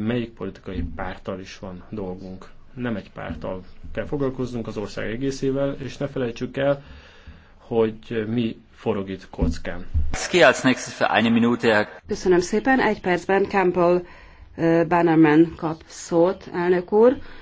hogy melyik politikai pártal is van dolgunk. Nem egy pártal kell foglalkoznunk az ország egészével, és ne felejtsük el, hogy mi forog itt kockán. Köszönöm szépen, egy percben Campbell Bannerman kap szót, elnök úr.